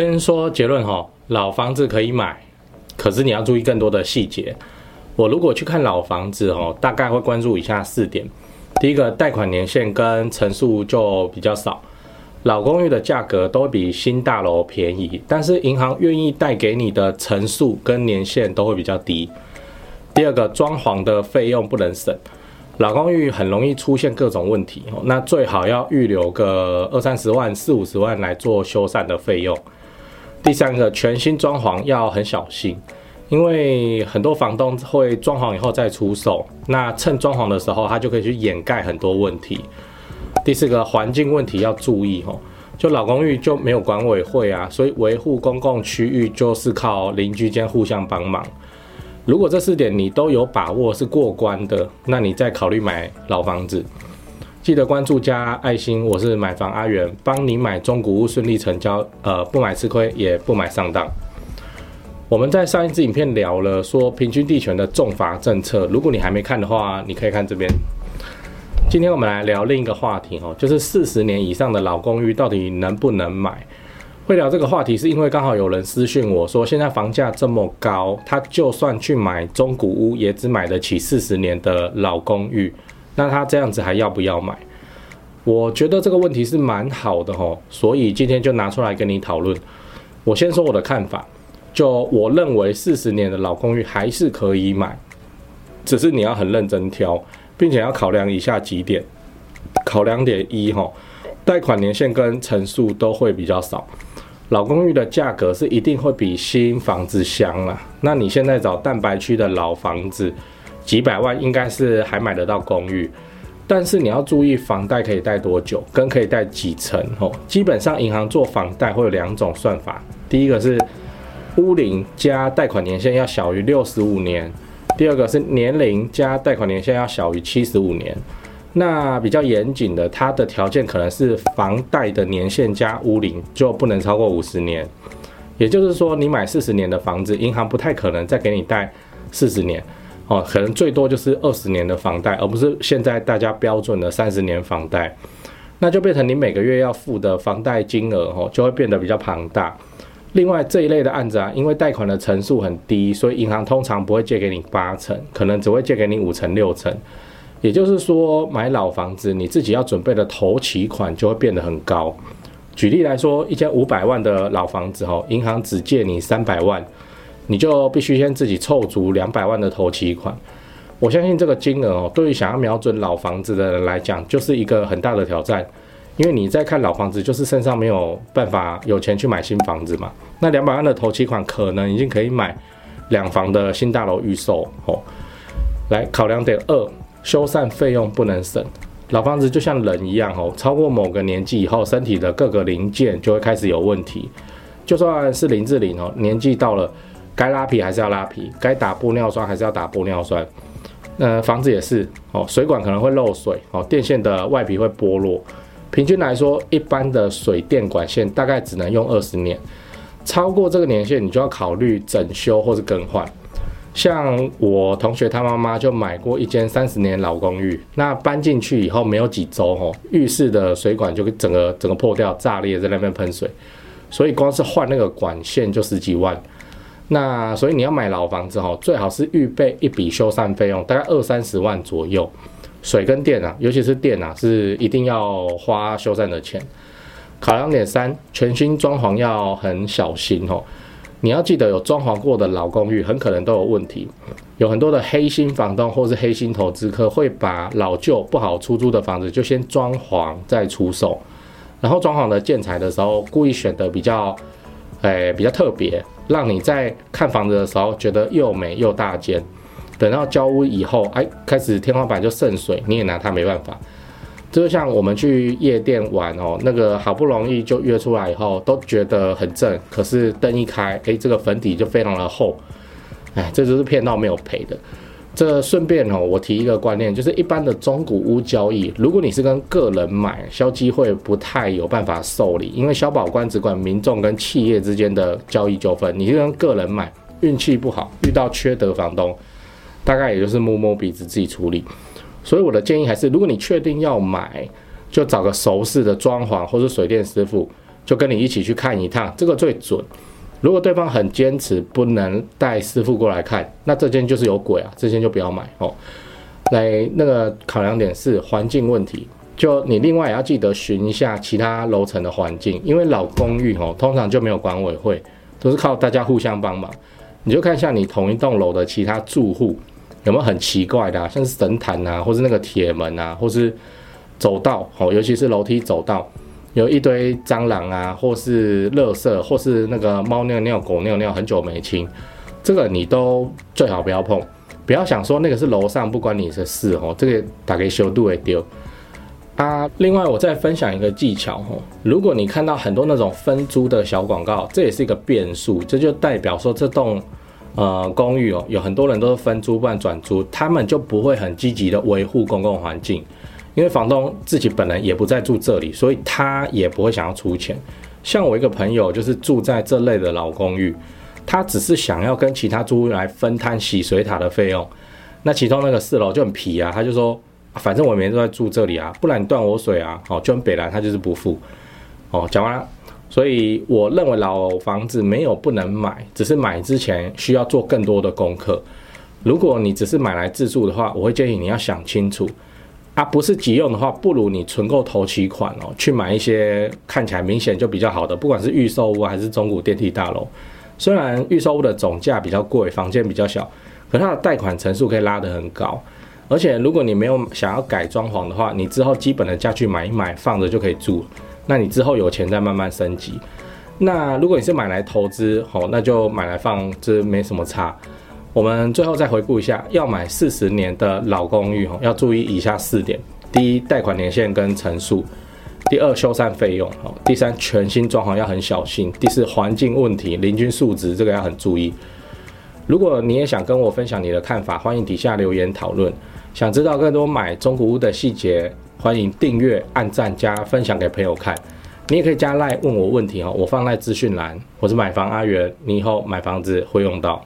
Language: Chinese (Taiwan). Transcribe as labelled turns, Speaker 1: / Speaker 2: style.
Speaker 1: 先說結論哈，老房子可以買，可是你要注意更多的細節。我如果去看老房子哦，大概會關注以下四點：第一個，貸款年限跟成數就比較少；老公寓的價格都比新大樓便宜，但是銀行願意貸給你的成數跟年限都會比較低。第二個，裝潢的費用不能省，老公寓很容易出現各種問題，那最好要預留個二三十萬、四五十萬來做修繕的費用。第三個，全新裝潢要很小心，因為很多房東會裝潢以後再出手，那趁裝潢的時候他就可以去掩蓋很多問題。第四個，環境問題要注意哦。就老公寓就沒有管委會啊，所以維護公共區域就是靠鄰居間互相幫忙。如果這四點你都有把握是過關的，那你再考慮買老房子。記得關注加愛心，我是買房阿元，幫你買中古屋順利成交，呃，不買吃虧，也不買上當。我們在上一支影片聊了說平均地權的重罰政策，如果你還沒看的話，你可以看這邊。今天我們來聊另一個話題哦，就是四十年以上的老公寓到底能不能買？會聊這個話題是因為剛好有人私訊我說，現在房價這麼高，他就算去買中古屋，也只買得起四十年的老公寓。那他這樣子還要不要買？我覺得這個問題是蠻好的吼，所以今天就拿出來跟你討論。我先說我的看法，就我認為四十年的老公寓還是可以買，只是你要很認真挑，並且要考量以下幾點。考量點一哈，貸款年限跟成數都會比較少，老公寓的價格是一定會比新房子香啦。那你現在找蛋白區的老房子，幾百萬應該是還買得到公寓，但是你要注意房貸可以貸多久，跟可以貸幾成哦。基本上銀行做房貸會有兩種算法，第一個是屋齡加貸款年限要小於六十五年，第二個是年齡加貸款年限要小於七十五年。那比較嚴謹的，它的條件可能是房貸的年限加屋齡就不能超過五十年，也就是說你買四十年的房子，銀行不太可能再給你貸四十年。哦，可能最多就是二十年的房貸，而不是現在大家標準的三十年房貸，那就變成你每個月要付的房貸金額哦，就會變得比較龐大。另外這一類的案子啊，因為貸款的成數很低，所以銀行通常不會借給你八成，可能只會借給你五成、六成。也就是說，買老房子你自己要準備的頭期款就會變得很高。舉例來說，一間五百萬的老房子哦，銀行只借你三百萬。你就必須先自己湊足兩百萬的頭期款，我相信這個金額哦，對於想要瞄準老房子的人來講，就是一個很大的挑戰，因為你在看老房子，就是身上沒有辦法有錢去買新房子嘛。那兩百萬的頭期款可能已經可以買兩房的新大樓預售哦、喔喔。來，考量點二，修繕費用不能省。老房子就像人一樣哦、喔，超過某個年紀以後，身體的各個零件就會開始有問題。就算是林志玲哦，年紀到了。該拉皮還是要拉皮，該打玻尿酸還是要打玻尿酸。呃，房子也是哦，水管可能會漏水哦，電線的外皮會剝落。平均來說，一般的水電管線大概只能用二十年，超過這個年限，你就要考慮整修或是更換。像我同學他媽媽就買過一間三十年老公寓，那搬進去以後沒有幾周哦，浴室的水管就整個整個破掉、炸裂，在那邊噴水，所以光是換那個管線就十幾萬。那所以你要買老房子吼，哦，最好是預備一筆修繕費用，大概二三十萬左右。水跟電啊，尤其是電啊，是一定要花修繕的錢。考量點三，全新裝潢要很小心哦。你要記得，有裝潢過的老公寓，很可能都有問題。有很多的黑心房東或是黑心投資客，會把老舊不好出租的房子就先裝潢再出售，然後裝潢的建材的時候故意選的比較，誒、欸，比較特別。讓你在看房子的時候覺得又美又大間，等到交屋以後，哎，開始天花板就滲水，你也拿它沒辦法。這就像我們去夜店玩哦，那個好不容易就約出來以後，都覺得很正，可是燈一開，哎，這個粉底就非常的厚，哎，這就是騙到沒有賠的。這順便哦，我提一個觀念，就是一般的中古屋交易，如果你是跟個人買，消基會不太有辦法受理，因為消保官只管民眾跟企業之間的交易糾紛。你是跟個人買，運氣不好遇到缺德房東，大概也就是摸摸鼻子自己處理。所以我的建議還是，如果你確定要買，就找個熟識的裝潢或是水電師傅，就跟你一起去看一趟，這個最準。如果對方很堅持不能帶師傅過來看，那這間就是有鬼啊，這間就不要買哦。來，那個考量點是環境問題，就你另外也要記得尋一下其他樓層的環境，因為老公寓哦，通常就沒有管委會，都是靠大家互相幫忙。你就看一下你同一棟樓的其他住戶有沒有很奇怪的啊，像是神壇啊，或是那個鐵門啊，或是走道哦，尤其是樓梯走道。有一堆蟑螂啊，或是垃圾，或是那個貓尿尿，狗尿尿，很久沒清，這個你都最好不要碰，不要想說那個是樓上不關你的事哦，這個打給修度會丟啊。另外，我再分享一個技巧哦，如果你看到很多那種分租的小廣告，這也是一個變數，這就代表說，這棟呃公寓哦，有很多人都是分租辦轉租，他們就不會很積極的維護公共環境。因為房東自己本人也不再住這裡，所以他也不會想要出錢。像我一個朋友，就是住在這類的老公寓，他只是想要跟其他租屋來分攤洗水塔的費用。那其中那個四樓就很皮啊，他就說：“反正我每天都在住這裡啊，不然你斷我水啊！”哦，就很北來，他就是不付。哦，講完了。所以我認為老房子沒有不能買，只是買之前需要做更多的功課。如果你只是買來自住的話，我會建議你要想清楚。它不是急用的話，不如你存夠頭期款哦、喔，去買一些看起來明顯就比較好的，不管是預售屋還是中古電梯大樓。雖然預售屋的總價比較貴，房間比較小，可它的貸款成數可以拉得很高。而且如果你沒有想要改裝潢的話，你之後基本的家具買一買放着就可以住。那你之後有錢再慢慢升級。那如果你是買來投資，哦、喔，那就買來放，這、就是、沒什麼差。我們最後再回顧一下，要買四十年的老公寓要注意以下四點：第一，貸款年限跟成數；第二，修繕費用；第三，全新裝潢要很小心；第四，環境問題、鄰居素質，這個要很注意。如果你也想跟我分享你的看法，歡迎底下留言討論。想知道更多買中古屋的細節，歡迎訂閱、按讚、加分享給朋友看。你也可以加賴問我問題哦，我放在資訊欄。我是買房阿元，你以後買房子會用到。